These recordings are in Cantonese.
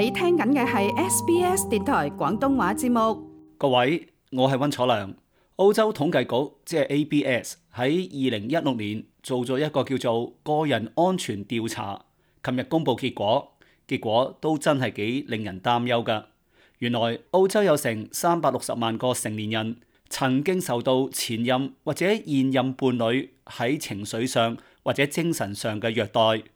你聽緊嘅係 SBS 電台廣東話節目，各位，我係溫楚良。澳洲統計局即係 ABS 喺二零一六年做咗一個叫做個人安全調查，琴日公布結果，結果都真係幾令人擔憂㗎。原來澳洲有成三百六十萬個成年人曾經受到前任或者現任伴侶喺情緒上或者精神上嘅虐待。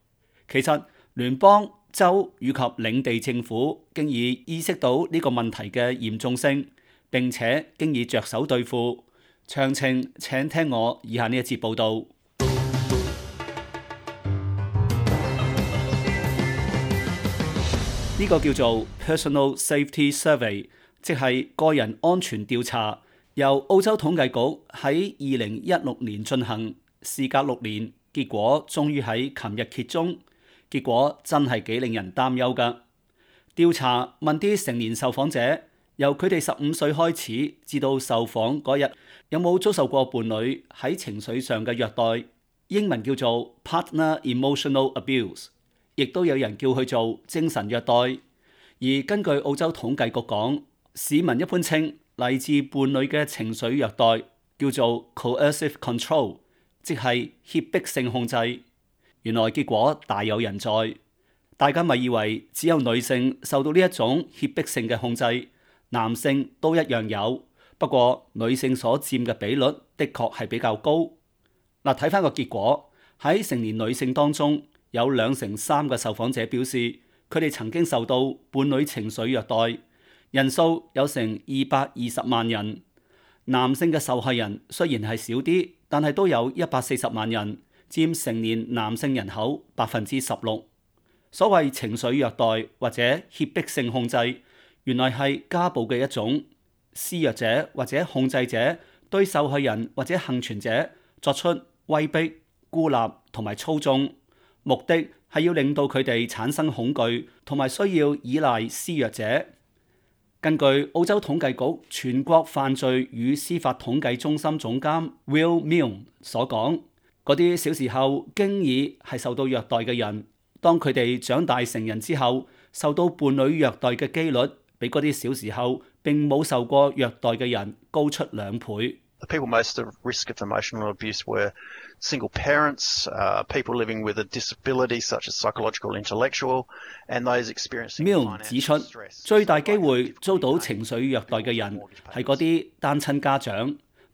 其實聯邦州以及領地政府經已意，意識到呢個問題嘅嚴重性，並且經已着手對付。詳情請聽我以下呢一節報導。呢 個叫做 Personal Safety Survey，即係個人安全調查，由澳洲統計局喺二零一六年進行，事隔六年，結果終於喺琴日揭盅。結果真係幾令人擔憂㗎。調查問啲成年受訪者，由佢哋十五歲開始至到受訪嗰日，有冇遭受過伴侶喺情緒上嘅虐待？英文叫做 partner emotional abuse，亦都有人叫佢做精神虐待。而根據澳洲統計局講，市民一般稱嚟自伴侶嘅情緒虐待叫做 coercive control，即係脅迫性控制。原來結果大有人在，大家咪以為只有女性受到呢一種脅迫性嘅控制，男性都一樣有。不過女性所佔嘅比率的確係比較高。嗱，睇翻個結果，喺成年女性當中，有兩成三嘅受訪者表示佢哋曾經受到伴侶情緒虐待，人數有成二百二十萬人。男性嘅受害人雖然係少啲，但係都有一百四十萬人。佔成年男性人口百分之十六。所謂情緒虐待或者脅迫性控制，原來係家暴嘅一種。施虐者或者控制者對受害人或者幸存者作出威逼、孤立同埋操縱，目的係要令到佢哋產生恐懼同埋需要依賴施虐者。根據澳洲統計局全國犯罪與司法統計中心總監 Will Mium 所講。嗰啲小時候經已係受到虐待嘅人，當佢哋長大成人之後，受到伴侶虐待嘅機率，比嗰啲小時候並冇受過虐待嘅人高出兩倍。Milton、uh, The people most at risk of emotional abuse were single parents, people living with a disability, such as psychological, intellectual, and those experiencing financial stress. 指出，最大機會遭到情緒虐，虐待嘅人係嗰啲單親家長。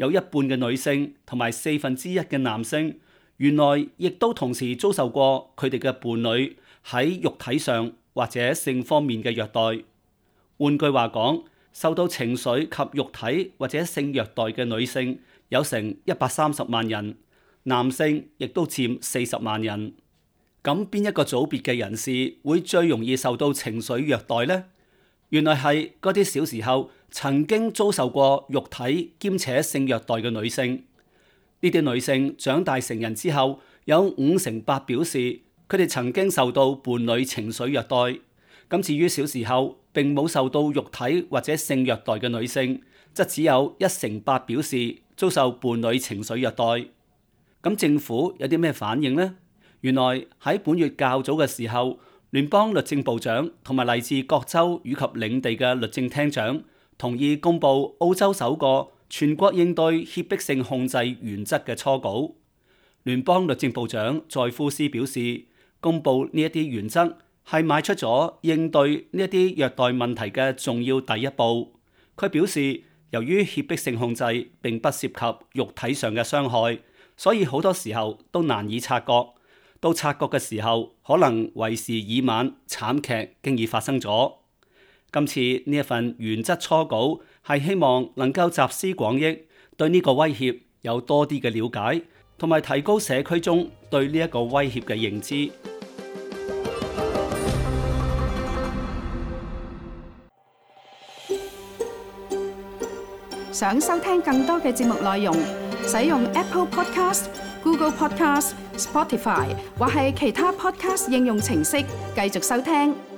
有一半嘅女性同埋四分之一嘅男性，原來亦都同時遭受過佢哋嘅伴侶喺肉體上或者性方面嘅虐待。換句話講，受到情緒及肉體或者性虐待嘅女性有成一百三十萬人，男性亦都佔四十萬人。咁邊一個組別嘅人士會最容易受到情緒虐待呢？原來係嗰啲小時候曾經遭受過肉體兼且性虐待嘅女性，呢啲女性長大成人之後，有五成八表示佢哋曾經受到伴侶情緒虐，虐待。咁至於小時候並冇受到肉體或者性虐待嘅女性，則只有一成八表示遭受伴侶情緒虐，虐待。咁政府有啲咩反應呢？原來喺本月較早嘅時候，聯邦律政部長同埋嚟自各州以及領地嘅律政廳長，同意公布澳洲首個全國應對脅迫性控制原則嘅初稿，聯邦律政部長在夫斯表示，公布呢一啲原則係邁出咗應對呢一啲虐待問題嘅重要第一步。佢表示，由於脅迫性控制並不涉及肉體上嘅傷害，所以好多時候都難以察覺，到察覺嘅時候可能為時已晚，慘劇經已發生咗。今次呢一份原則初稿係希望能夠集思廣益，對呢個威脅有多啲嘅了解，同埋提高社區中對呢一個威脅嘅認知。想收聽更多嘅節目內容，使用 Apple Podcast、Google Podcast、Spotify 或係其他 Podcast 應用程式繼續收聽。